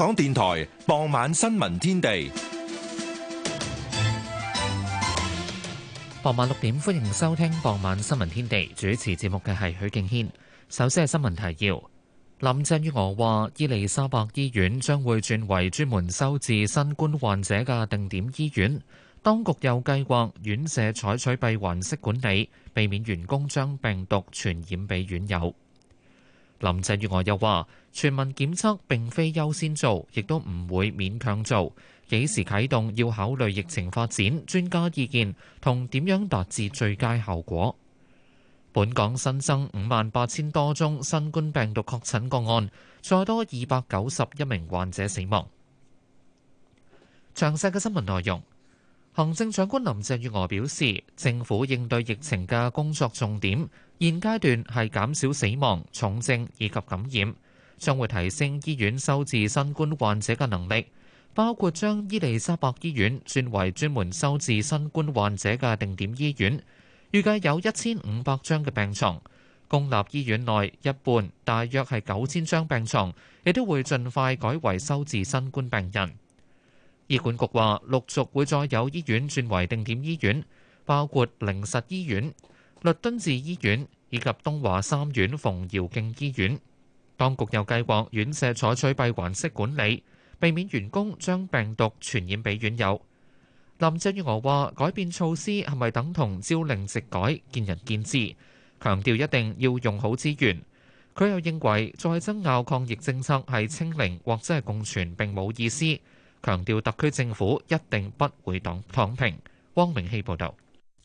港電台傍晚新聞天地，傍晚六點，歡迎收聽傍晚新聞天地。主持節目嘅係許敬軒。首先係新聞提要。林鄭月娥話，伊麗莎白醫院將會轉為專門收治新冠患者嘅定點醫院。當局又計劃院舍採取閉環式管理，避免員工將病毒傳染俾院友。林鄭月娥又話。全民檢測並非優先做，亦都唔會勉強做。幾時啟動要考慮疫情發展、專家意見同點樣達至最佳效果。本港新增五萬八千多宗新冠病毒確診個案，再多二百九十一名患者死亡。詳細嘅新聞內容：行政長官林鄭月娥表示，政府應對疫情嘅工作重點，現階段係減少死亡、重症以及感染。將會提升醫院收治新冠患者嘅能力，包括將伊利沙伯醫院轉為專門收治新冠患者嘅定點醫院，預計有一千五百張嘅病床。公立醫院內一半，大約係九千張病床，亦都會盡快改為收治新冠病人。醫管局話，陸續會再有醫院轉為定點醫院，包括靈實醫院、律敦治醫院以及東華三院馮堯敬醫院。當局又計劃院舍採取閉環式管理，避免員工將病毒傳染俾院友。林鄭月娥話：改變措施係咪等同朝令夕改，見仁見智。強調一定要用好資源。佢又認為再爭拗抗疫政策係清零或者係共存並冇意思。強調特區政府一定不會躺躺平。汪明熙報導。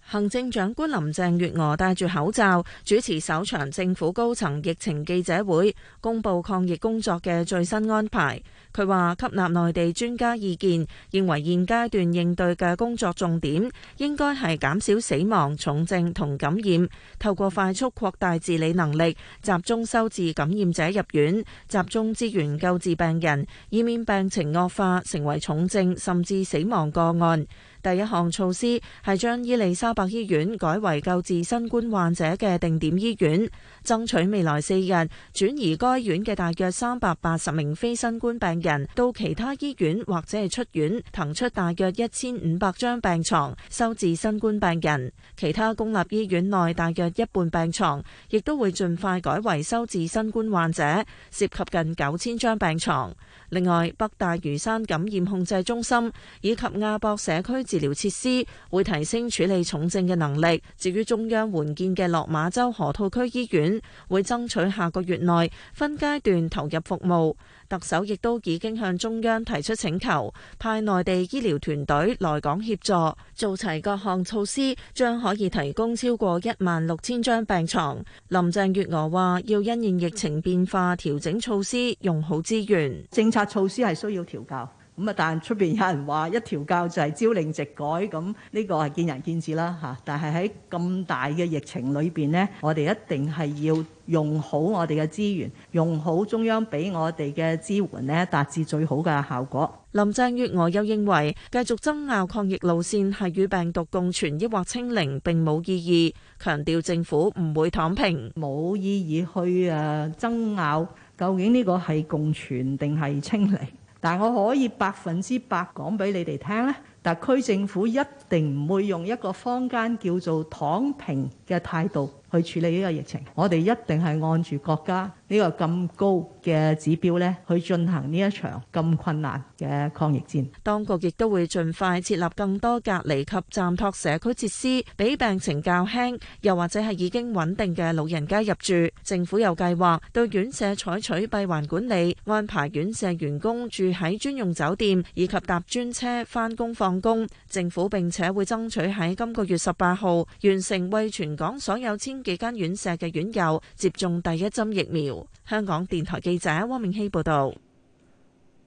行政長官林鄭月娥戴住口罩，主持首場政府高層疫情記者會，公布抗疫工作嘅最新安排。佢話：吸納內地專家意見，認為現階段應對嘅工作重點應該係減少死亡、重症同感染。透過快速擴大治理能力，集中收治感染者入院，集中資源救治病人，以免病情惡化成為重症甚至死亡個案。第一項措施係將伊利沙伯醫院改為救治新冠患者嘅定點醫院，爭取未來四日轉移該院嘅大約三百八十名非新冠病人。人到其他醫院或者係出院騰出大約一千五百張病床收治新冠病人，其他公立醫院內大約一半病床亦都會盡快改為收治新冠患者，涉及近九千張病床。另外，北大嶼山感染控制中心以及亞博社區治療設施會提升處理重症嘅能力。至於中央援建嘅落馬洲河套區醫院，會爭取下個月內分階段投入服務。特首亦都已經向中央提出請求，派內地醫療團隊來港協助，做齊各項措施，將可以提供超過一萬六千張病床。林鄭月娥話：要因應疫情變化調整措施，用好資源，政策措施係需要調校。咁啊！但出邊有人話一調教就係朝令夕改，咁呢個係見仁見智啦嚇。但係喺咁大嘅疫情裏邊，呢我哋一定係要用好我哋嘅資源，用好中央俾我哋嘅支援，呢達至最好嘅效果。林鄭月娥又認為，繼續爭拗抗疫路線係與病毒共存抑或清零並冇意義，強調政府唔會躺平，冇意義去誒爭拗，究竟呢個係共存定係清零？但我可以百分之百講俾你哋聽咧，特區政府一定唔會用一個坊間叫做躺平嘅態度去處理呢個疫情，我哋一定係按住國家。呢個咁高嘅指標咧，去進行呢一場咁困難嘅抗疫戰，當局亦都會盡快設立更多隔離及暫托社區設施，俾病情較輕又或者係已經穩定嘅老人家入住。政府又計劃對院舍採取閉環管理，安排院舍員、員工住喺專用酒店，以及搭專車返工放工。政府並且會爭取喺今個月十八號完成為全港所有千幾間院舍嘅院友接種第一針疫苗。香港電台記者汪明希報道，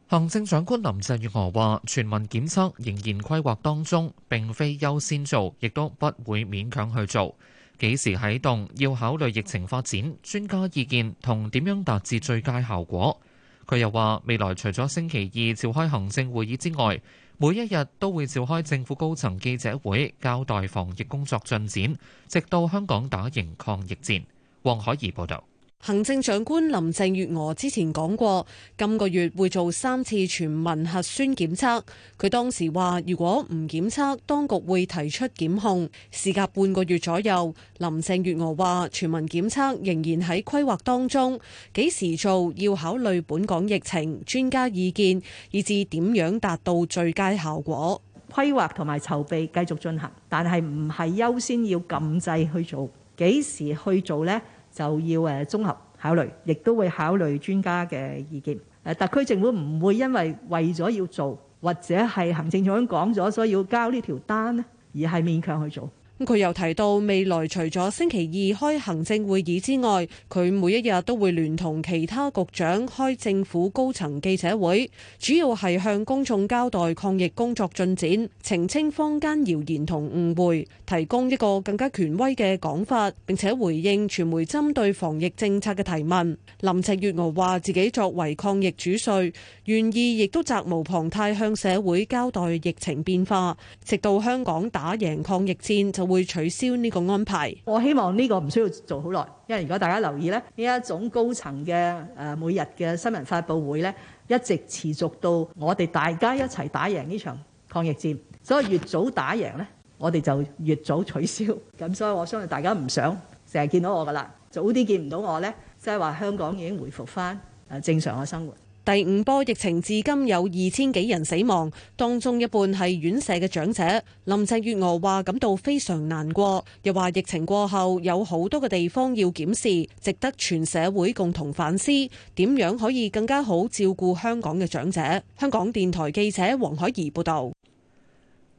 行政長官林鄭月娥話：全民檢測仍然規劃當中，並非優先做，亦都不會勉強去做。幾時啟動，要考慮疫情發展、專家意見同點樣達至最佳效果。佢又話，未來除咗星期二召開行政會議之外，每一日都會召開政府高層記者會，交代防疫工作進展，直到香港打贏抗疫戰。黃海怡報道。行政長官林鄭月娥之前講過，今個月會做三次全民核酸檢測。佢當時話，如果唔檢測，當局會提出檢控。事隔半個月左右，林鄭月娥話，全民檢測仍然喺規劃當中，幾時做要考慮本港疫情、專家意見，以至點樣達到最佳效果。規劃同埋籌備繼續進行，但係唔係優先要禁制去做？幾時去做呢？就要綜合考慮，亦都會考慮專家嘅意見。啊，特區政府唔會因為為咗要做，或者係行政長官講咗，所以要交呢條單，而係勉強去做。佢又提到，未來除咗星期二開行政會議之外，佢每一日都會聯同其他局長開政府高層記者會，主要係向公眾交代抗疫工作進展，澄清坊間謠言同誤會，提供一個更加權威嘅講法，並且回應傳媒針對防疫政策嘅提問。林鄭月娥話自己作為抗疫主帥。願意，亦都責無旁貸向社會交代疫情變化。直到香港打贏抗疫戰，就會取消呢個安排。我希望呢個唔需要做好耐，因為如果大家留意呢，呢一種高層嘅誒每日嘅新聞發佈會呢，一直持續到我哋大家一齊打贏呢場抗疫戰。所以越早打贏呢，我哋就越早取消。咁所以我相信大家唔想成日見到我㗎喇，早啲見唔到我呢，即係話香港已經回復返誒正常嘅生活。第五波疫情至今有二千幾人死亡，當中一半係院舍嘅長者。林鄭月娥話感到非常難過，又話疫情過後有好多嘅地方要檢視，值得全社會共同反思，點樣可以更加好照顧香港嘅長者。香港電台記者黃海怡報道。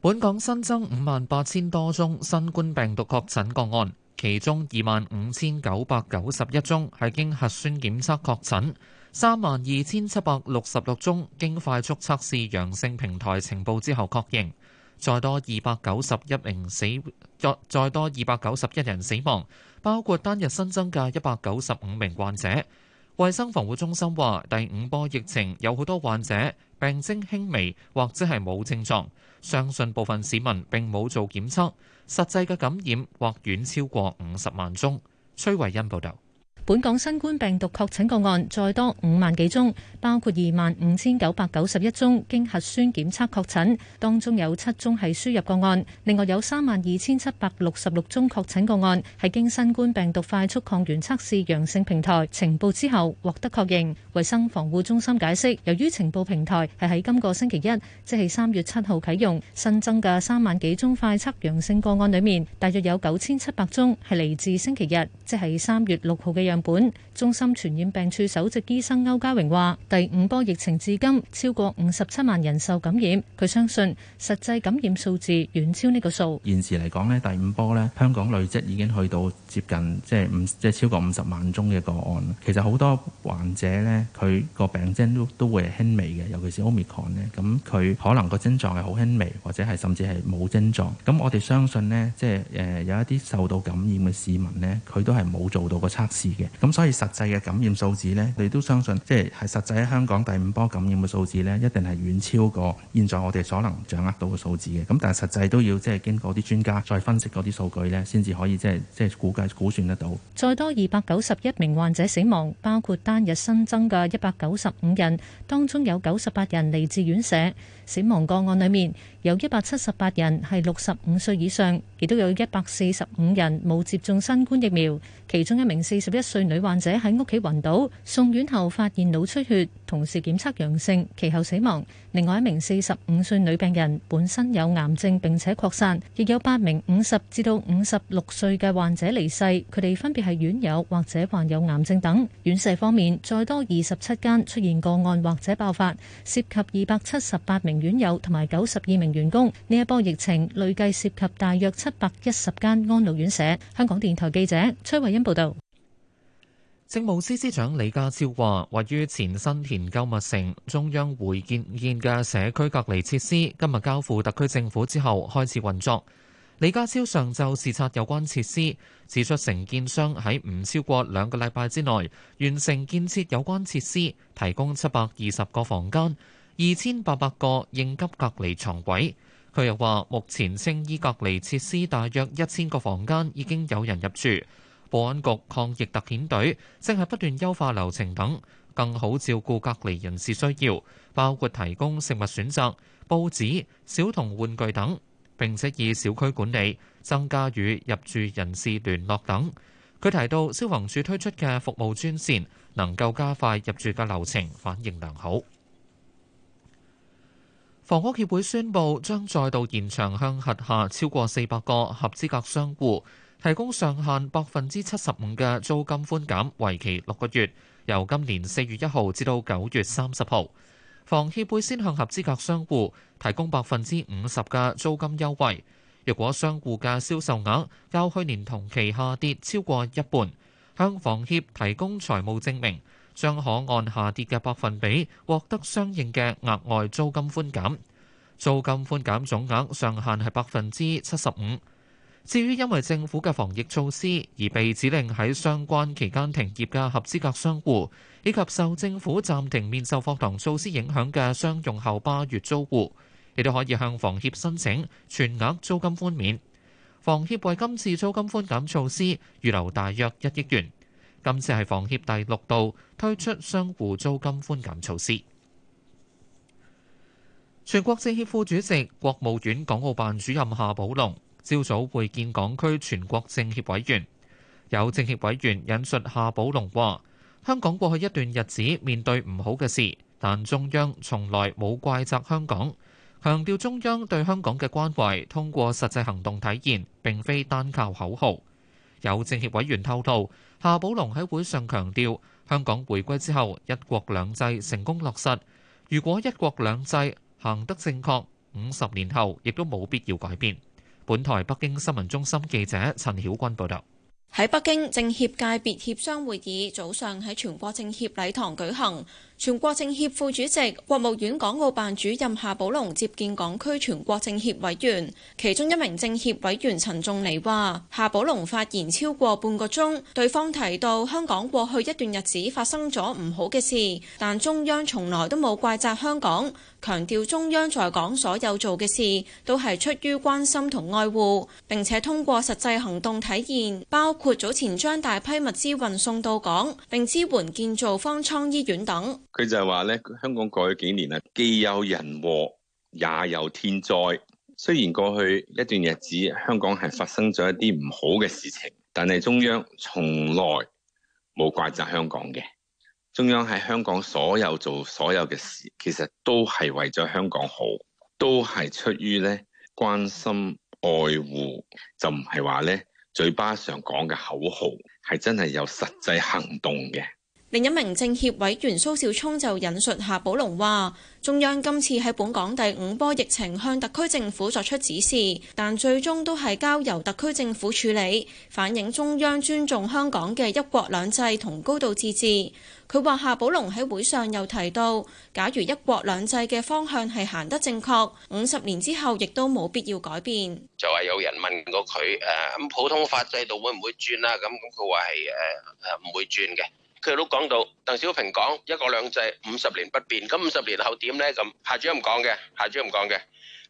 本港新增五萬八千多宗新冠病毒確診個案，其中二萬五千九百九十一宗係經核酸檢測確診。三萬二千七百六十六宗經快速測試陽性平台情報之後確認，再多二百九十一名死，再多二百九十一人死亡，包括單日新增嘅一百九十五名患者。衛生防護中心話：第五波疫情有好多患者病徵輕微，或者係冇症狀，相信部分市民並冇做檢測，實際嘅感染或遠超過五十萬宗。崔慧恩報導。本港新冠病毒確診個案再多五萬幾宗，包括二萬五千九百九十一宗經核酸檢測確診，當中有七宗係輸入個案。另外有三萬二千七百六十六宗確診個案係經新冠病毒快速抗原測試陽性平台情報之後獲得確認。衛生防護中心解釋，由於情報平台係喺今個星期一，即係三月七號啟用，新增嘅三萬幾宗快測陽性個案裏面，大約有九千七百宗係嚟自星期日，即係三月六號嘅樣。本中心傳染病處首席醫生歐家榮話，第五波疫情至今超過五十七萬人受感染。佢相信實際感染數字遠超呢個數。現時嚟講咧，第五波咧，香港累積已經去到接近即係五即係超過五十萬宗嘅個案。其實好多患者咧，佢個病徵都都會係輕微嘅，尤其是 Omicron 咧，咁佢可能個症狀係好輕微，或者係甚至係冇症狀。咁我哋相信咧，即係誒有一啲受到感染嘅市民咧，佢都係冇做到個測試。咁所以實際嘅感染數字呢，你都相信即係實際喺香港第五波感染嘅數字呢，一定係遠超過現在我哋所能掌握到嘅數字嘅。咁但係實際都要即係經過啲專家再分析嗰啲數據呢，先至可以即係即係估計估算得到。再多二百九十一名患者死亡，包括單日新增嘅一百九十五人，當中有九十八人嚟自院舍。死亡個案裏面有一百七十八人係六十五歲以上，亦都有一百四十五人冇接種新冠疫苗，其中一名四十一歲女患者喺屋企暈倒，送院後發現腦出血，同時檢測陽性，其後死亡。另外一名四十五歲女病人本身有癌症，並且擴散，亦有八名五十至到五十六歲嘅患者離世，佢哋分別係院友或者患有癌症等。院舍方面再多二十七間出現個案或者爆發，涉及二百七十八名院友同埋九十二名員工。呢一波疫情累計涉及大約七百一十間安老院舍。香港電台記者崔慧欣報道。政務司司長李家超話，位於前新田購物城中央援建嘅社區隔離設施，今日交付特區政府之後開始運作。李家超上晝視察有關設施，指出承建商喺唔超過兩個禮拜之內完成建設有關設施，提供七百二十個房間、二千八百個應急隔離床位。佢又話，目前青衣隔離設施大約一千個房間已經有人入住。保安局抗疫特遣隊正係不斷優化流程等，更好照顧隔離人士需要，包括提供食物選擇報紙小童玩具等。並且以小區管理，增加與入住人士聯絡等。佢提到消防署推出嘅服務專線能夠加快入住嘅流程，反應良好。房屋協會宣布將再度延長向轄下超過四百個合資格商戶。提供上限百分之七十五嘅租金寬減，為期六個月，由今年四月一號至到九月三十號。房協會先向合資格商戶提供百分之五十嘅租金優惠。若果商戶嘅銷售額較去年同期下跌超過一半，向房協提供財務證明，將可按下跌嘅百分比獲得相應嘅額外租金寬減。租金寬減總額上限係百分之七十五。至於因為政府嘅防疫措施而被指令喺相關期間停業嘅合資格商戶，以及受政府暫停面授課堂措施影響嘅商用後八月租戶，亦都可以向房協申請全額租金寬免。房協為今次租金寬減措施預留大約一億元。今次係房協第六度推出商戶租金寬減措施。全國政協副主席、國務院港澳辦主任夏寶龍。朝早會見港區全國政協委員，有政協委員引述夏寶龍話：香港過去一段日子面對唔好嘅事，但中央從來冇怪責香港，強調中央對香港嘅關懷通過實際行動體現，並非單靠口號。有政協委員透露，夏寶龍喺會上強調，香港回歸之後一國兩制成功落實，如果一國兩制行得正確，五十年後亦都冇必要改變。本台北京新聞中心記者陳曉君報道。喺北京，政協界別協商會議早上喺全國政協禮堂舉行。全國政協副主席、國務院港澳辦主任夏寶龍接見港區全國政協委員，其中一名政協委員陳仲尼話：夏寶龍發言超過半個鐘，對方提到香港過去一段日子發生咗唔好嘅事，但中央從來都冇怪責香港，強調中央在港所有做嘅事都係出於關心同愛護，並且通過實際行動體現，包括早前將大批物資運送到港，並支援建造方艙醫院等。佢就係話咧，香港過去幾年啊，既有人禍，也有天災。雖然過去一段日子，香港係發生咗一啲唔好嘅事情，但係中央從來冇怪責香港嘅。中央喺香港所有做所有嘅事，其實都係為咗香港好，都係出於咧關心愛護，就唔係話咧，嘴巴上講嘅口號，係真係有實際行動嘅。另一名政協委員蘇少聰就引述夏寶龍話，中央今次喺本港第五波疫情向特區政府作出指示，但最終都係交由特區政府處理，反映中央尊重香港嘅一國兩制同高度自治。佢話夏寶龍喺會上又提到，假如一國兩制嘅方向係行得正確，五十年之後亦都冇必要改變，就話有人問過佢誒，咁普通法制度會唔會轉啦？咁佢話，係誒，唔會轉嘅。佢都講到，鄧小平講一國兩制五十年不變，咁五十年後點呢？咁夏主任講嘅，夏主任講嘅，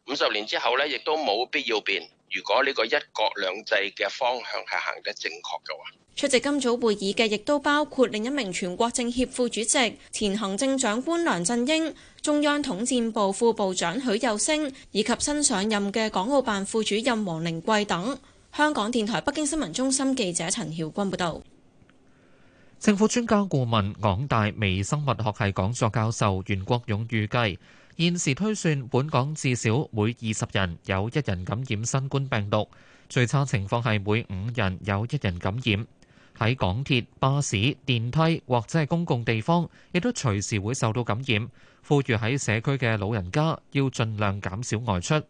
五十年之後呢，亦都冇必要變。如果呢個一國兩制嘅方向係行得正確嘅話。出席今早會議嘅亦都包括另一名全國政協副主席、前行政長官梁振英、中央統戰部副部長許又聲，以及新上任嘅港澳辦副主任王靈桂等。香港電台北京新聞中心記者陳曉君報道。政府專家顧問，港大微生物學系講座教授袁國勇預計現時推算，本港至少每二十人有一人感染新冠病毒。最差情況係每五人有一人感染。喺港鐵、巴士、電梯或者係公共地方，亦都隨時會受到感染。呼籲喺社區嘅老人家要盡量減少外出。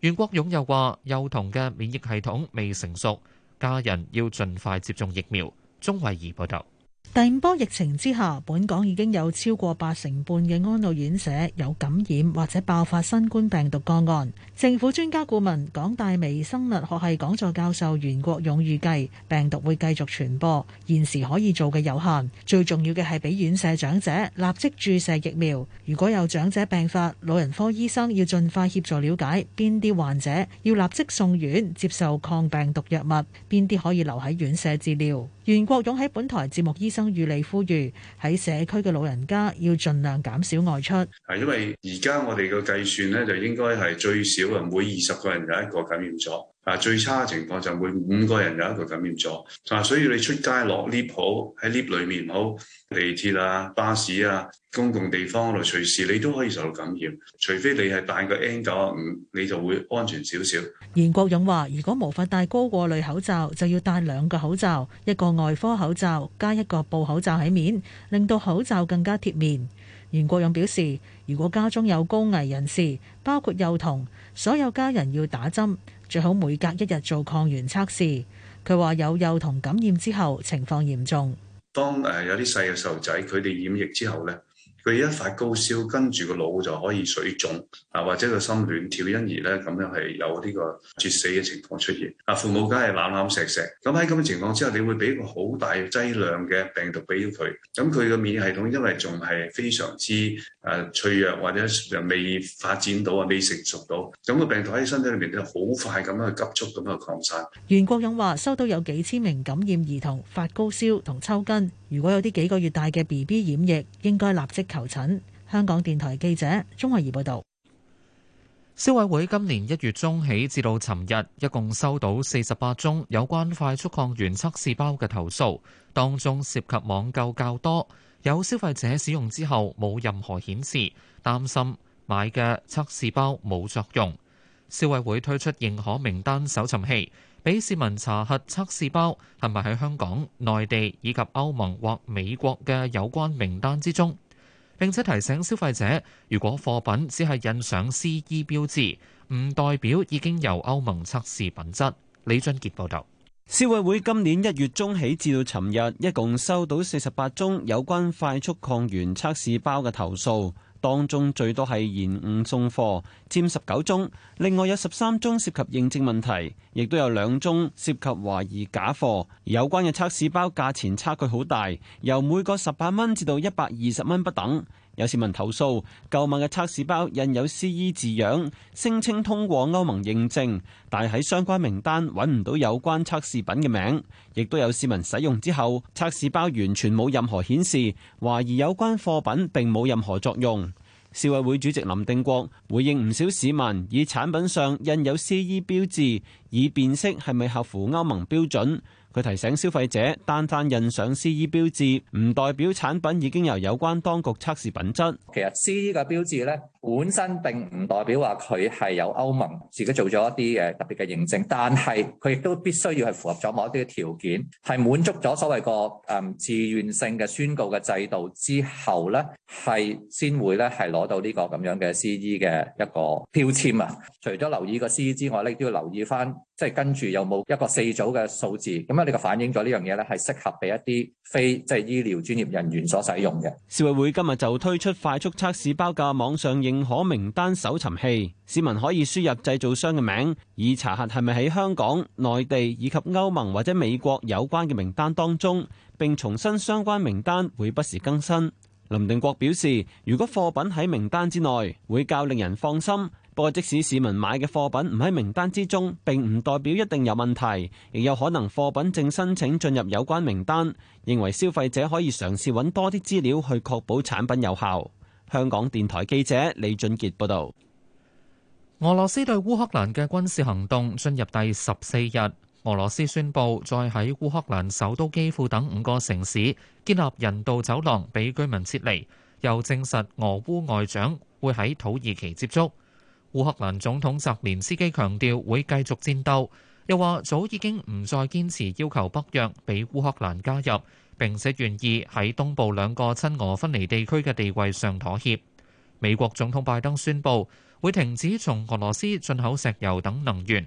袁國勇又話，幼童嘅免疫系統未成熟，家人要盡快接種疫苗。鍾慧儀報道：第五波疫情之下，本港已經有超過八成半嘅安老院舍有感染或者爆發新冠病毒個案。政府專家顧問、港大微生物學系講座教授袁國勇預計病毒會繼續傳播，現時可以做嘅有限。最重要嘅係俾院舍長者立即注射疫苗。如果有長者病發，老人科醫生要盡快協助了解邊啲患者要立即送院接受抗病毒藥物，邊啲可以留喺院舍治療。袁國勇喺本台節目醫生與你呼籲，喺社區嘅老人家要盡量減少外出。因為而家我哋嘅計算呢，就應該係最少。每二十個人有一個感染咗，啊最差嘅情況就每五個人有一個感染咗，啊所以你出街落 lift 好喺 lift 裏面好，地鐵啊、巴士啊、公共地方度隨時你都可以受到感染，除非你係戴個 N 九十五，你就會安全少少。袁國勇話：如果無法戴高過濾口罩，就要戴兩個口罩，一個外科口罩加一個布口罩喺面，令到口罩更加貼面。袁國勇表示：如果家中有高危人士，包括幼童。所有家人要打針，最好每隔一日做抗原測試。佢話有幼童感染之後情況嚴重，當誒有啲細嘅細路仔佢哋染疫之後咧。佢一發高燒，跟住個腦就可以水腫，啊或者個心亂跳，因而咧咁樣係有呢個猝死嘅情況出現。啊父母梗係攬攬石石。咁喺咁嘅情況之下，你會俾一個好大劑量嘅病毒俾佢。咁佢個免疫系統因為仲係非常之誒脆弱，或者未發展到啊未成熟到，咁個病毒喺身體裏面咧好快咁樣去急速咁去擴散。袁國勇話：收到有幾千名感染兒童發高燒同抽筋，如果有啲幾個月大嘅 BB 染疫，應該立即求診。香港電台記者鍾慧儀報道，消委會今年一月中起至到尋日，一共收到四十八宗有關快速抗原測試包嘅投訴，當中涉及網購較多，有消費者使用之後冇任何顯示，擔心買嘅測試包冇作用。消委會推出認可名單搜尋器，俾市民查核測試包係咪喺香港、內地以及歐盟或美國嘅有關名單之中。並且提醒消費者，如果貨品只係印上 CE 標誌，唔代表已經由歐盟測試品質。李俊傑報道，消委會今年一月中起至到尋日，一共收到四十八宗有關快速抗原測試包嘅投訴。當中最多係延誤送貨，佔十九宗；另外有十三宗涉及認證問題，亦都有兩宗涉及懷疑假貨。有關嘅測試包價錢差距好大，由每個十八蚊至到一百二十蚊不等。有市民投訴，購物嘅測試包印有 CE 字樣，聲稱通過歐盟認證，但係喺相關名單揾唔到有關測試品嘅名，亦都有市民使用之後，測試包完全冇任何顯示，懷疑有關貨品並冇任何作用。消委會主席林定國回應唔少市民，以產品上印有 CE 標誌，以辨識係咪合乎歐盟標準。佢提醒消費者，單單印上 C.E. 標誌，唔代表產品已經由有，有關當局測試品質。其實 C.E. 嘅標誌咧。本身並唔代表話，佢係有歐盟自己做咗一啲誒特別嘅認證，但係佢亦都必須要係符合咗某一啲嘅條件，係滿足咗所謂個誒自願性嘅宣告嘅制度之後咧，係先會咧係攞到呢個咁樣嘅 CE 嘅一個標籤啊！除咗留意個 CE 之外，咧都要留意翻，即係跟住有冇一個四組嘅數字，咁咧你就反映咗呢樣嘢咧係適合俾一啲非即係、就是、醫療專業人員所使用嘅。消委會今日就推出快速測試包嘅網上認可名單搜尋器，市民可以輸入製造商嘅名，以查核係咪喺香港、內地以及歐盟或者美國有關嘅名單當中，並重申相關名單會不時更新。林定國表示，如果貨品喺名單之內，會較令人放心。不過，即使市民買嘅貨品唔喺名單之中，並唔代表一定有問題，亦有可能貨品正申請進入有關名單。認為消費者可以嘗試揾多啲資料去確保產品有效。香港電台記者李俊杰報道：俄羅斯對烏克蘭嘅軍事行動進入第十四日。俄羅斯宣布再喺烏克蘭首都基輔等五個城市建立人道走廊，俾居民撤離。又證實俄烏外長會喺土耳其接觸。烏克蘭總統澤連斯基強調會繼續戰鬥，又話早已經唔再堅持要求北約俾烏克蘭加入，並且願意喺東部兩個親俄分離地區嘅地位上妥協。美國總統拜登宣布會停止從俄羅斯進口石油等能源。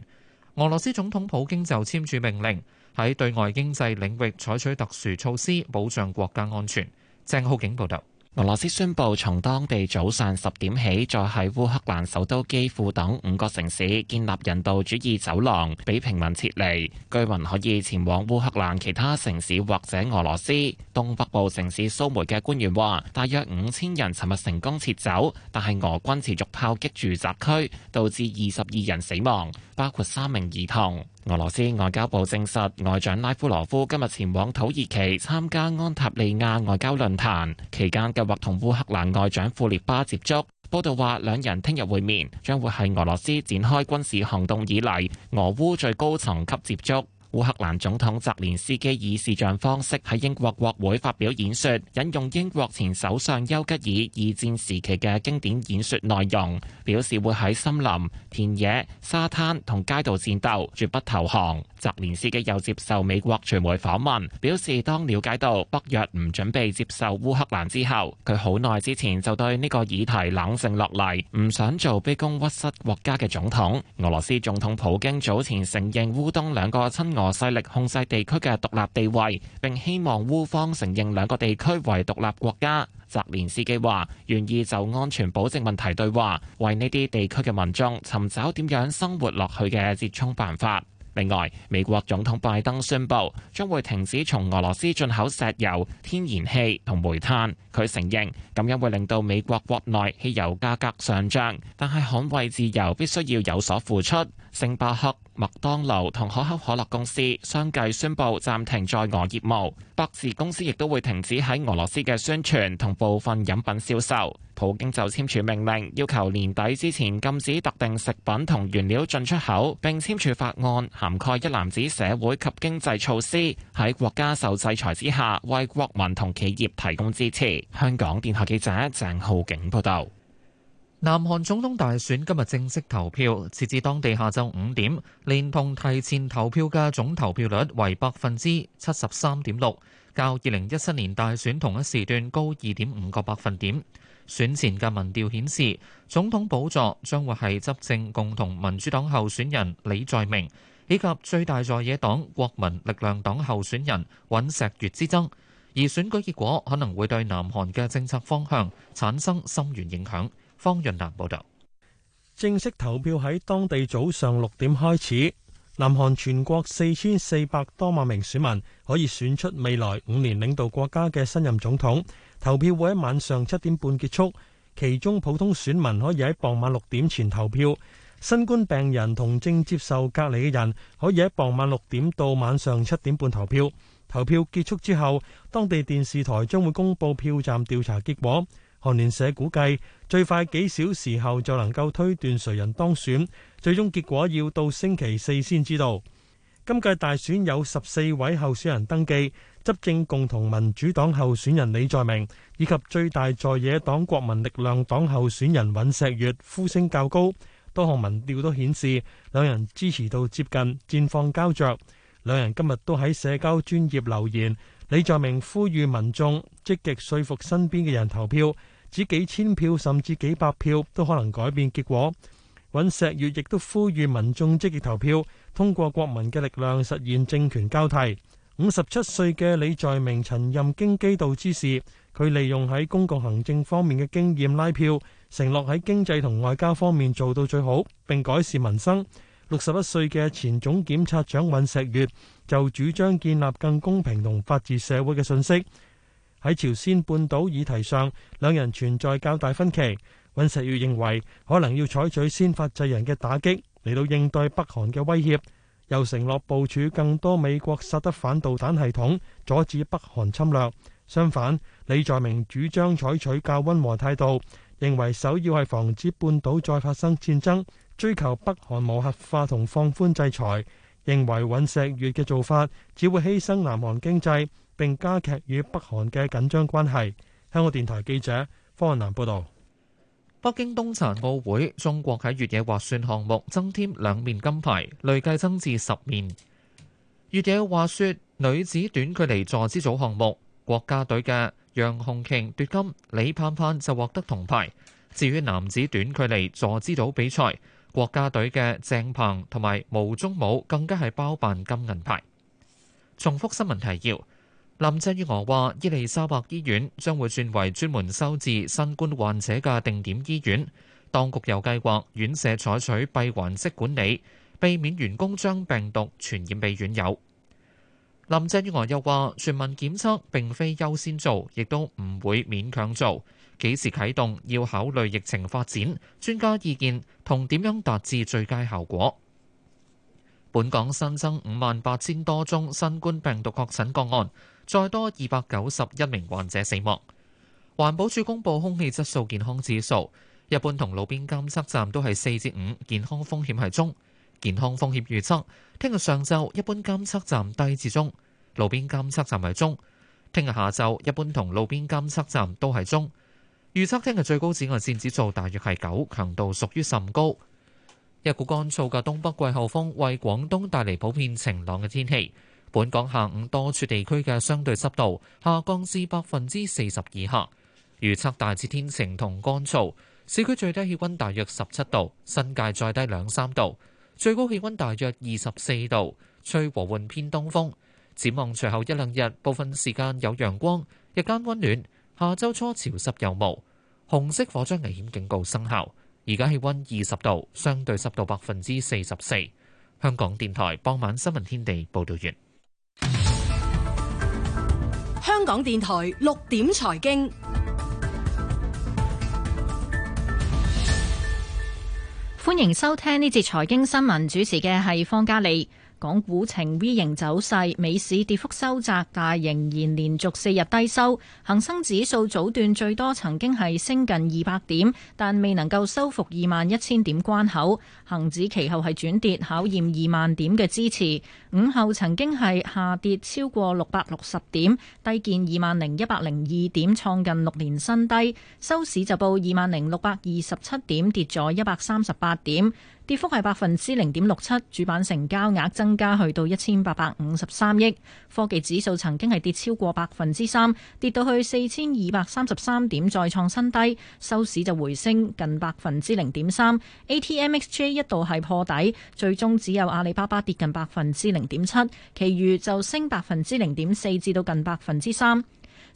俄羅斯總統普京就簽署命令，喺對外經濟領域採取特殊措施，保障國家安全。鄭浩景報導。俄羅斯宣布從當地早上十點起，再喺烏克蘭首都基輔等五個城市建立人道主義走廊，俾平民撤離。居民可以前往烏克蘭其他城市或者俄羅斯。東北部城市蘇梅嘅官員話，大約五千人尋日成功撤走，但係俄軍持續炮擊住宅區，導致二十二人死亡，包括三名兒童。俄羅斯外交部證實，外長拉夫羅夫今日前往土耳其參加安塔利亞外交論壇期間，計劃同烏克蘭外長庫列巴接觸。報道話，兩人聽日會面，將會係俄羅斯展開軍事行動以嚟俄烏最高層級接觸。烏克蘭總統澤連斯基以視像方式喺英國國會發表演說，引用英國前首相丘吉爾二戰時期嘅經典演說內容，表示會喺森林、田野、沙灘同街道戰鬥，絕不投降。澤連斯基又接受美國傳媒訪問，表示當了解到北約唔準備接受烏克蘭之後，佢好耐之前就對呢個議題冷靜落嚟，唔想做卑躬屈膝國家嘅總統。俄羅斯總統普京早前承認烏東兩個親俄勢力控制地區嘅獨立地位，並希望烏方承認兩個地區為獨立國家。澤連斯基話願意就安全保證問題對話，為呢啲地區嘅民眾尋找點樣生活落去嘅折衷辦法。另外，美國總統拜登宣布將會停止從俄羅斯進口石油、天然氣同煤炭。佢承認咁樣會令到美國國內汽油價格上漲，但係捍衞自由必須要有所付出。星巴克、麥當勞同可口可樂公司相繼宣布暫停在俄業務，百事公司亦都會停止喺俄羅斯嘅宣傳同部分飲品銷售。普京就簽署命令，要求年底之前禁止特定食品同原料進出口；並簽署法案，涵蓋一籃子社會及經濟措施，喺國家受制裁之下，為國民同企業提供支持。香港電台記者鄭浩景報道。南韓總統大選今日正式投票，截至當地下晝五點，連同提前投票嘅總投票率為百分之七十三點六，較二零一七年大選同一時段高二點五個百分點。選前嘅民調顯示，總統寶座將會係執政共同民主黨候選人李在明，以及最大在野黨國民力量黨候選人尹石月之爭，而選舉結果可能會對南韓嘅政策方向產生深遠影響。方潤南報道，正式投票喺當地早上六點開始。南韓全國四千四百多萬名選民可以選出未來五年領導國家嘅新任總統，投票會喺晚上七點半結束。其中普通選民可以喺傍晚六點前投票，新冠病人同正接受隔離嘅人可以喺傍晚六點到晚上七點半投票。投票結束之後，當地電視台將會公佈票站調查結果。韓聯社估計最快幾小時後就能夠推斷誰人當選，最終結果要到星期四先知道。今屆大選有十四位候選人登記，執政共同民主黨候選人李在明以及最大在野黨國民力量黨候選人尹錫悅呼聲較高。多項民調都顯示兩人支持度接近戰況膠着。兩人今日都喺社交專業留言，李在明呼籲民眾。積極說服身邊嘅人投票，只幾千票甚至幾百票都可能改變結果。尹石月亦都呼籲民眾積極投票，通過國民嘅力量實現政權交替。五十七歲嘅李在明，曾任京畿道知事，佢利用喺公共行政方面嘅經驗拉票，承諾喺經濟同外交方面做到最好，並改善民生。六十一歲嘅前總檢察長尹石月就主張建立更公平同法治社會嘅信息。喺朝鮮半島議題上，兩人存在較大分歧。尹錫悅認為可能要採取先發制人嘅打擊嚟到應對北韓嘅威脅，又承諾部署更多美國薩德反導彈系統，阻止北韓侵略。相反，李在明主張採取較溫和態度，認為首要係防止半島再發生戰爭，追求北韓無核化同放寬制裁。認為尹錫悅嘅做法只會犧牲南韓經濟。並加劇與北韓嘅緊張關係。香港電台記者方運南報道：北京冬殘奧會，中國喺越野滑雪項目增添兩面金牌，累計增至十面。越野滑雪女子短距離坐姿組項目，國家隊嘅楊洪瓊奪金，李盼盼就獲得銅牌。至於男子短距離坐姿組比賽，國家隊嘅鄭鵬同埋毛忠武更加係包辦金銀牌。重複新聞提要。林鄭月娥話，伊利沙伯醫院將會轉為專門收治新冠患者嘅定點醫院。當局又計劃院舍採取閉環式管理，避免員工將病毒傳染俾院友。林鄭月娥又話，全民檢測並非優先做，亦都唔會勉強做。幾時啟動要考慮疫情發展、專家意見同點樣達至最佳效果。本港新增五萬八千多宗新冠病毒確診個案。再多二百九十一名患者死亡。環保署公布空氣質素健康指數，一般同路邊監測站都係四至五，健康風險係中。健康風險預測，聽日上晝一般監測站低至中，路邊監測站係中。聽日下晝一般同路邊監測站都係中。預測聽日最高紫外線指數大約係九，強度屬於甚高。一股乾燥嘅東北季候風為廣東帶嚟普遍晴朗嘅天氣。本港下午多處地區嘅相對濕度下降至百分之四十以下，預測大致天晴同乾燥，市區最低氣温大約十七度，新界再低兩三度，最高氣温大約二十四度，吹和緩偏東風。展望隨後一兩日，部分時間有陽光，日間温暖，下周初潮濕有霧。紅色火災危險警告生效，而家氣温二十度，相對濕度百分之四十四。香港電台傍晚新聞天地報導完。香港電台六點財經，歡迎收聽呢節財經新聞，主持嘅係方嘉利。港股呈 V 型走勢，美市跌幅收窄，但仍然連續四日低收。恒生指數早段最多曾經係升近二百點，但未能夠收復二萬一千點關口。恒指其後係轉跌，考驗二萬點嘅支持。午後曾經係下跌超過六百六十點，低見二萬零一百零二點，創近六年新低。收市就報二萬零六百二十七點，跌咗一百三十八點。跌幅係百分之零點六七，主板成交額增加去到一千八百五十三億。科技指數曾經係跌超過百分之三，跌到去四千二百三十三點，再創新低。收市就回升近百分之零點三。ATMXJ 一度係破底，最終只有阿里巴巴跌近百分之零點七，其餘就升百分之零點四至到近百分之三。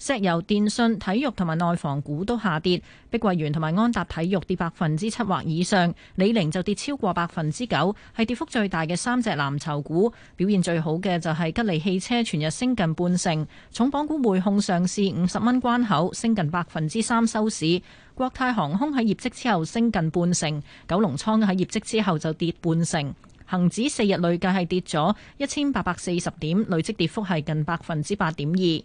石油、電信、體育同埋內房股都下跌，碧桂園同埋安踏體育跌百分之七或以上，李寧就跌超過百分之九，係跌幅最大嘅三隻藍籌股。表現最好嘅就係吉利汽車，全日升近半成。重磅股匯控上市五十蚊關口，升近百分之三收市。國泰航空喺業績之後升近半成，九龍倉喺業績之後就跌半成。恒指四日累計係跌咗一千八百四十點，累積跌幅係近百分之八點二。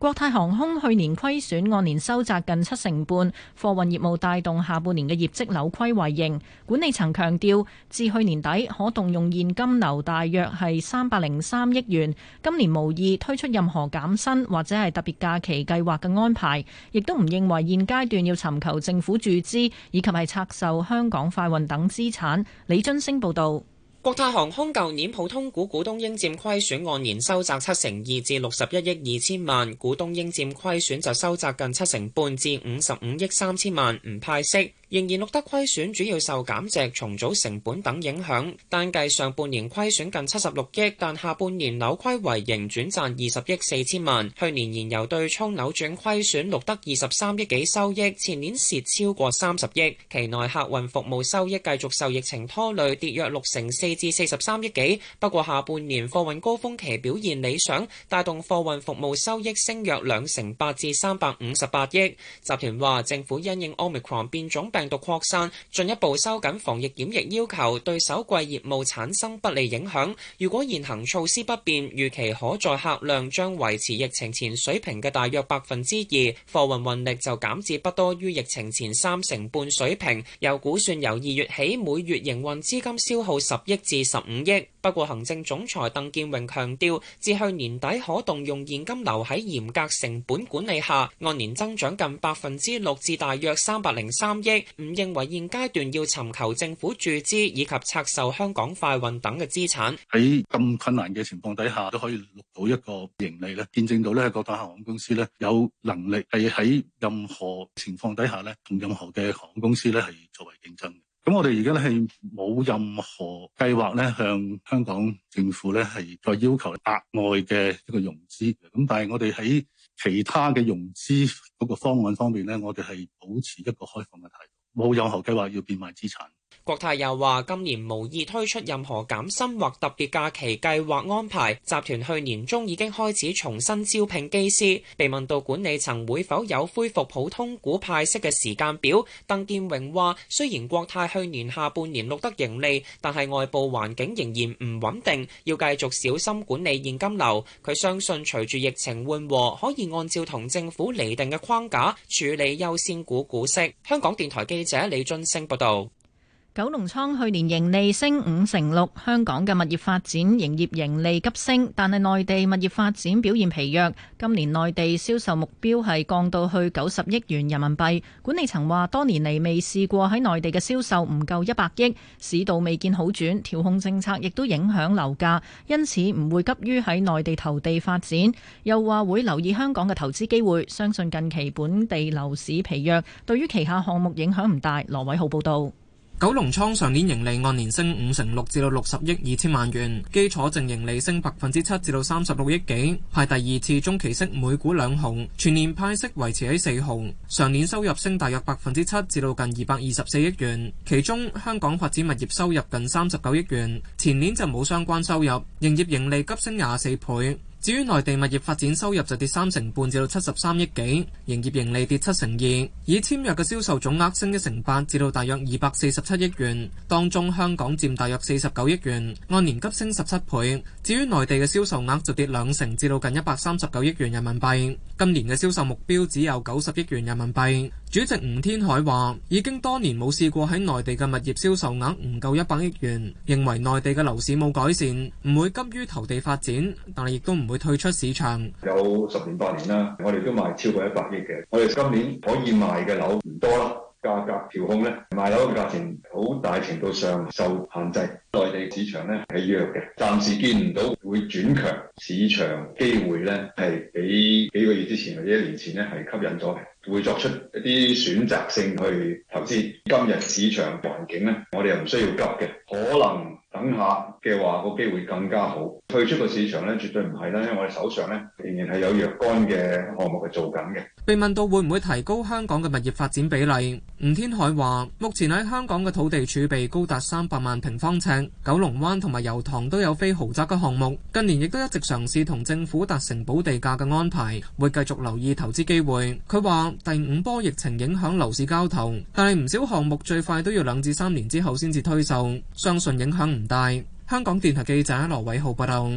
國泰航空去年虧損，按年收窄近七成半，貨運業務帶動下半年嘅業績扭虧為盈。管理層強調，至去年底可動用現金流大約係三百零三億元，今年無意推出任何減薪或者係特別假期計劃嘅安排，亦都唔認為現階段要尋求政府注資以及係拆售香港快運等資產。李津升報道。國泰航空舊年普通股股東應佔虧損按年收窄七成二至六十一億二千萬，股東應佔虧損就收窄近七成半至五十五億三千萬，唔派息。仍然錄得虧損，主要受減值、重組成本等影響。單計上半年虧損近七十六億，但下半年扭虧為盈，轉賺二十億四千萬。去年燃油對沖扭轉虧損，錄得二十三億幾收益，前年蝕超過三十億。期內客運服務收益繼續受疫情拖累，跌約六成四至四十三億幾。不過下半年貨運高峰期表現理想，帶動貨運服務收益升約兩成八至三百五十八億。集團話政府因應奧密克戎變種病毒擴散，進一步收緊防疫檢疫要求，對首季業務產生不利影響。如果現行措施不變，預期可載客量將維持疫情前水平嘅大約百分之二，貨運運力就減至不多於疫情前三成半水平。有估算由二月起，每月營運資金消耗十億至十五億。不過，行政總裁鄧建榮強調，至去年底可動用現金流喺嚴格成本管理下，按年增長近百分之六至大約三百零三億。唔認為現階段要尋求政府注資以及拆售香港快運等嘅資產。喺咁困難嘅情況底下，都可以錄到一個盈利咧，見證到呢各大航空公司咧有能力係喺任何情況底下咧，同任何嘅航空公司咧係作為競爭。咁我哋而家咧係冇任何計劃咧向香港政府咧係再要求額外嘅一個融資，咁但係我哋喺其他嘅融資嗰個方案方面咧，我哋係保持一個開放嘅態度，冇任何計劃要變賣資產。國泰又話，今年無意推出任何減薪或特別假期計劃安排。集團去年中已經開始重新招聘機師。被問到管理層會否有恢復普通股派息嘅時間表，鄧健榮話：雖然國泰去年下半年錄得盈利，但係外部環境仍然唔穩定，要繼續小心管理現金流。佢相信隨住疫情緩和，可以按照同政府厘定嘅框架處理優先股股息。香港電台記者李津升報道。九龍倉去年盈利升五成六，香港嘅物業發展營業盈利急升，但係內地物業發展表現疲弱。今年內地銷售目標係降到去九十億元人民幣。管理層話，多年嚟未試過喺內地嘅銷售唔夠一百億，市道未見好轉，調控政策亦都影響樓價，因此唔會急於喺內地投地發展。又話會留意香港嘅投資機會，相信近期本地樓市疲弱，對於旗下項目影響唔大。羅偉浩報道。九龍倉上年盈利按年升五成六，至到六十億二千萬元，基礎淨盈利升百分之七，至到三十六億幾，派第二次中期息，每股兩紅，全年派息維持喺四紅。上年收入升大約百分之七，至到近二百二十四億元，其中香港發展物業收入近三十九億元，前年就冇相關收入，營業盈利急升廿四倍。至於內地物業發展收入就跌三成半至到七十三億幾，營業盈利跌七成二，已簽約嘅銷售總額升一成八至到大約二百四十七億元，當中香港佔大約四十九億元，按年急升十七倍。至於內地嘅銷售額就跌兩成至到近一百三十九億元人民幣，今年嘅銷售目標只有九十億元人民幣。主席吳天海話，已經多年冇試過喺內地嘅物業銷售額唔夠一百億元，認為內地嘅樓市冇改善，唔會急於投地發展，但係亦都唔會退出市場。有十年八年啦，我哋都賣超過一百億嘅，我哋今年可以賣嘅樓唔多啦，價格調控咧，賣樓嘅價錢好大程度上受限制。內地市場咧係弱嘅，暫時見唔到會轉強，市場機會咧係比幾個月之前或者一年前咧係吸引咗嘅。會作出一啲選擇性去投資。今日市場環境呢，我哋又唔需要急嘅，可能等下嘅話個機會更加好。退出個市場呢，絕對唔係啦，因為我哋手上呢，仍然係有若干嘅項目係做緊嘅。被問到會唔會提高香港嘅物業發展比例，吳天海話：目前喺香港嘅土地儲備高達三百萬平方尺，九龍灣同埋油塘都有非豪宅嘅項目，近年亦都一直嘗試同政府達成補地價嘅安排，會繼續留意投資機會。佢話。第五波疫情影響樓市交投，但係唔少項目最快都要兩至三年之後先至推售，相信影響唔大。香港電台記者羅偉浩報道。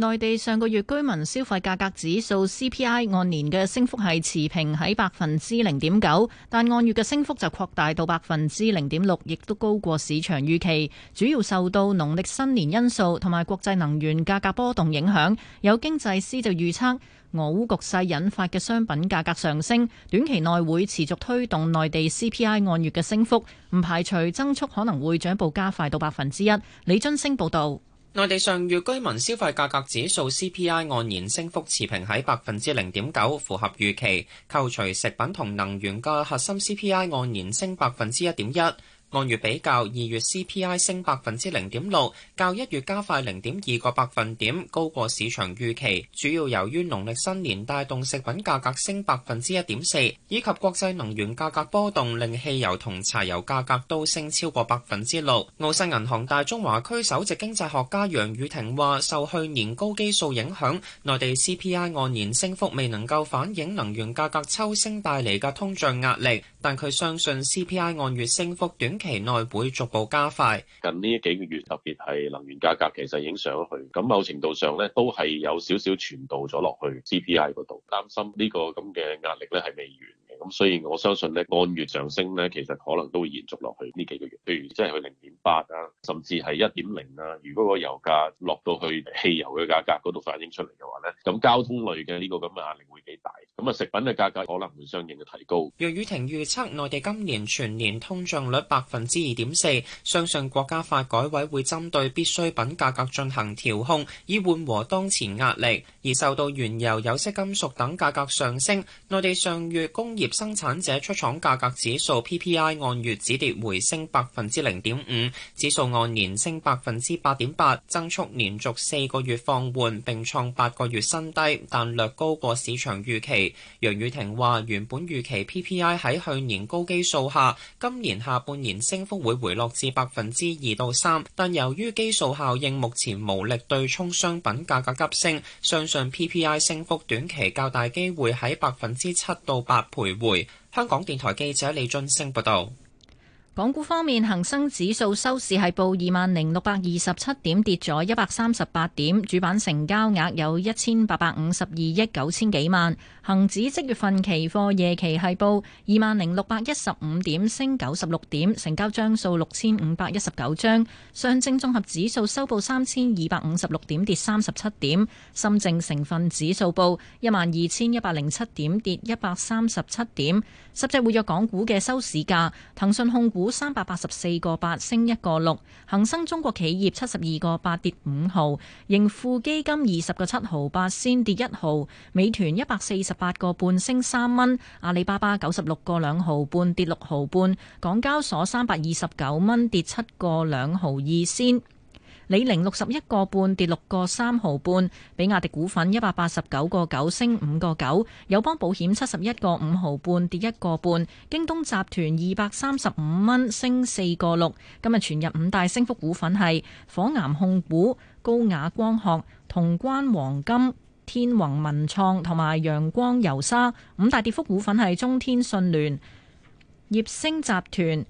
內地上個月居民消費價格指數 CPI 按年嘅升幅係持平喺百分之零點九，但按月嘅升幅就擴大到百分之零點六，亦都高過市場預期。主要受到農曆新年因素同埋國際能源價格波動影響。有經濟師就預測俄烏局勢引發嘅商品價格上升，短期內會持續推動內地 CPI 按月嘅升幅，唔排除增速可能會進一步加快到百分之一。李津星報導。內地上月居民消費價格指數 CPI 按年升幅持平喺百分之零點九，符合預期。扣除食品同能源嘅核心 CPI 按年升百分之一點一。按月比較，二月 CPI 升百分之零點六，較一月加快零點二個百分點，高過市場預期。主要由於農曆新年帶動食品價格升百分之一點四，以及國際能源價格波動令汽油同柴油價格都升超過百分之六。澳新銀行大中華區首席經濟學家楊宇霆話，受去年高基數影響，內地 CPI 按年升幅未能夠反映能源價格抽升帶嚟嘅通脹壓力，但佢相信 CPI 按月升幅短期內會逐步加快。近呢幾個月，特別係能源價格其實已經上咗去，咁某程度上咧都係有少少傳導咗落去 CPI 嗰度，擔心呢個咁嘅壓力咧係未完。咁所以我相信咧，按月上升咧，其實可能都會延續落去呢幾個月。譬如即係去零點八啊，甚至係一點零啊。如果個油價落到去汽油嘅價格嗰度反映出嚟嘅話咧，咁交通類嘅呢個咁嘅壓力會幾大？咁啊，食品嘅價格可能會相應嘅提高。楊雨婷預測，內地今年全年通脹率百分之二點四，相信國家發改委會針對必需品價格進行調控，以緩和當前壓力。而受到原油、有色金屬等價格上升，內地上月工業生產者出廠價格指數 PPI 按月止跌回升百分之零點五，指數按年升百分之八點八，增速連續四個月放緩，並創八個月新低，但略高過市場預期。楊雨婷話：原本預期 PPI 喺去年高基數下，今年下半年升幅會回落至百分之二到三，但由於基數效應，目前無力對沖商品價格急升，相信 PPI 升幅短期較大機會喺百分之七到八倍。回香港電台記者李俊升報道。港股方面，恒生指數收市係報二萬零六百二十七點，跌咗一百三十八點，主板成交額有一千八百五十二億九千幾萬。恒指即月份期貨夜期係報二萬零六百一十五點，升九十六點，成交張數六千五百一十九張。上證綜合指數收報三千二百五十六點，跌三十七點。深證成分指數報一萬二千一百零七點，跌一百三十七點。十隻活躍港股嘅收市價，騰訊控股。股三百八十四個八升一個六，恒生中國企業七十二個八跌五毫，盈富基金二十個七毫八先跌一毫，美團一百四十八個半升三蚊，阿里巴巴九十六個兩毫半跌六毫半，港交所三百二十九蚊跌七個兩毫二先。李寧六十一個半跌六個三毫半，比亞迪股份一百八十九個九升五個九，友邦保險七十一個五毫半跌一個半，京東集團二百三十五蚊升四個六。今日全日五大升幅股份係火岩控股、高雅光學、潼關黃金、天弘文創同埋陽光油砂。五大跌幅股份係中天信聯、葉星集團、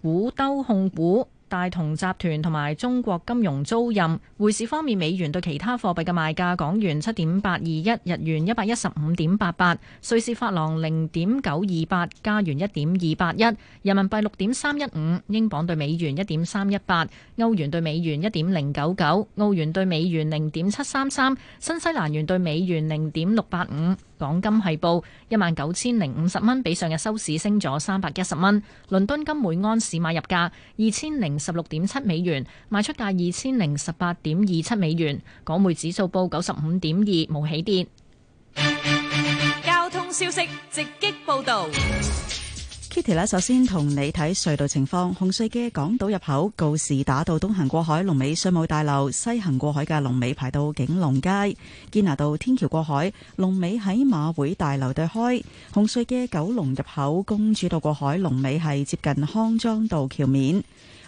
古兜控股。大同集團同埋中國金融租賃。匯市方面，美元對其他貨幣嘅賣價：港元七點八二一，日元一百一十五點八八，瑞士法郎零點九二八，加元一點二八一，人民幣六點三一五，英鎊對美元一點三一八，歐元對美元一點零九九，澳元對美元零點七三三，新西蘭元對美元零點六八五。港金係報一萬九千零五十蚊，19，比上日收市升咗三百一十蚊。倫敦金每安士買入價二千零十六點七美元，賣出價二千零十八點二七美元。港匯指數報九十五點二，冇起跌。交通消息直擊報道。Kitty 咧，Katie，首先同你睇隧道情況。紅隧嘅港島入口，告士打道東行過海，龍尾稅務大樓，西行過海嘅龍尾排到景隆街，堅拿道天橋過海，龍尾喺馬會大樓對開。紅隧嘅九龍入口，公主道過海，龍尾係接近康莊道橋面。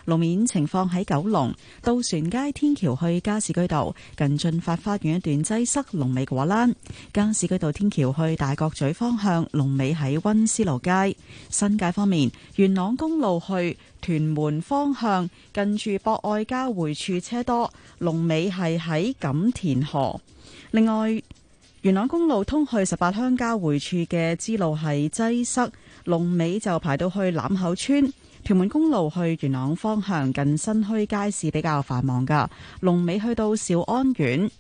路面情況喺九龍渡船街天橋去加士居道近進發花園一段擠塞，龍尾果欄；加士居道天橋去大角咀方向，龍尾喺溫思勞街。新界方面，元朗公路去屯門方向近住博愛交匯處車多，龍尾係喺錦田河。另外，元朗公路通去十八鄉交匯處嘅支路係擠塞，龍尾就排到去欖口村。屯門公路去元朗方向，近新墟街市比較繁忙㗎。龍尾去到兆安苑。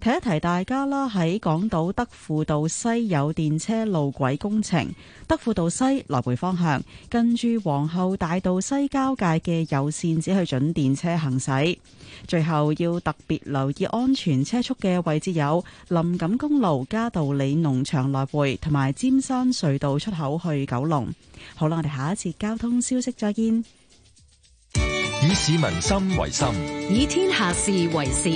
提一提大家啦，喺港島德輔道西有電車路軌工程，德輔道西來回方向跟住皇后大道西交界嘅有綫只係准電車行駛。最後要特別留意安全車速嘅位置有林錦公路嘉道理農場、來回同埋尖山隧道出口去九龍。好啦，我哋下一節交通消息再見。以市民心為心，以天下事為事。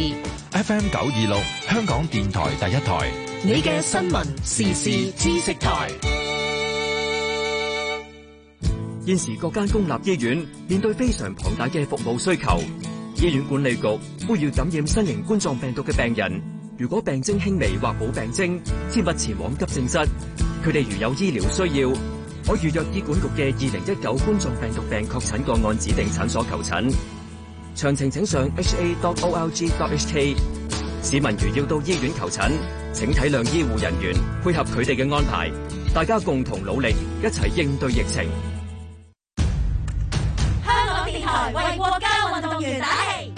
FM 九二六，香港電台第一台。你嘅新聞時事知識台。現時各間公立醫院面對非常龐大嘅服務需求，醫院管理局呼籲感染新型冠狀病毒嘅病人，如果病徵輕微或冇病徵，先勿前往急症室。佢哋如有醫療需要，可預約醫管局嘅二零一九冠狀病毒病確診個案指定診所求診。詳情請上 ha.org.hk。市民如要到醫院求診，請體諒醫護人員配合佢哋嘅安排。大家共同努力，一齊應對疫情。香港電台為國家運動員打氣。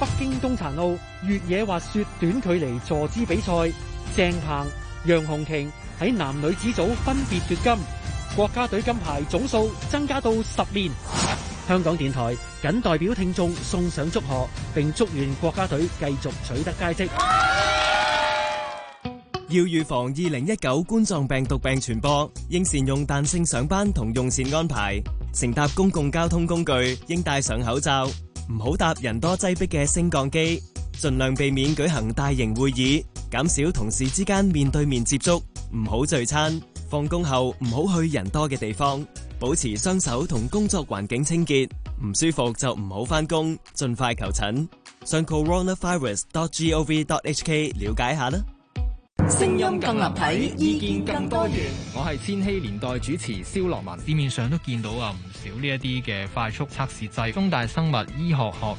北京冬殘奧越野滑雪短距離坐姿比賽，鄭鵬、楊洪瓊喺男女子組分別奪金。國家隊金牌總數增加到十面。香港電台僅代表聽眾送上祝賀，並祝願國家隊繼續取得佳績。要預防2019冠狀病毒病傳播，應善用彈性上班同用膳安排。乘搭公共交通工具應戴上口罩，唔好搭人多擠迫嘅升降機，盡量避免舉行大型會議，減少同事之間面對面接觸，唔好聚餐。放工後唔好去人多嘅地方，保持雙手同工作環境清潔。唔舒服就唔好返工，盡快求診。上 coronavirus.gov.hk 了解下啦。聲音更立體，意見更多元。我係千禧年代主持蕭樂文。市面上都見到啊，唔少呢一啲嘅快速測試劑。中大生物醫學學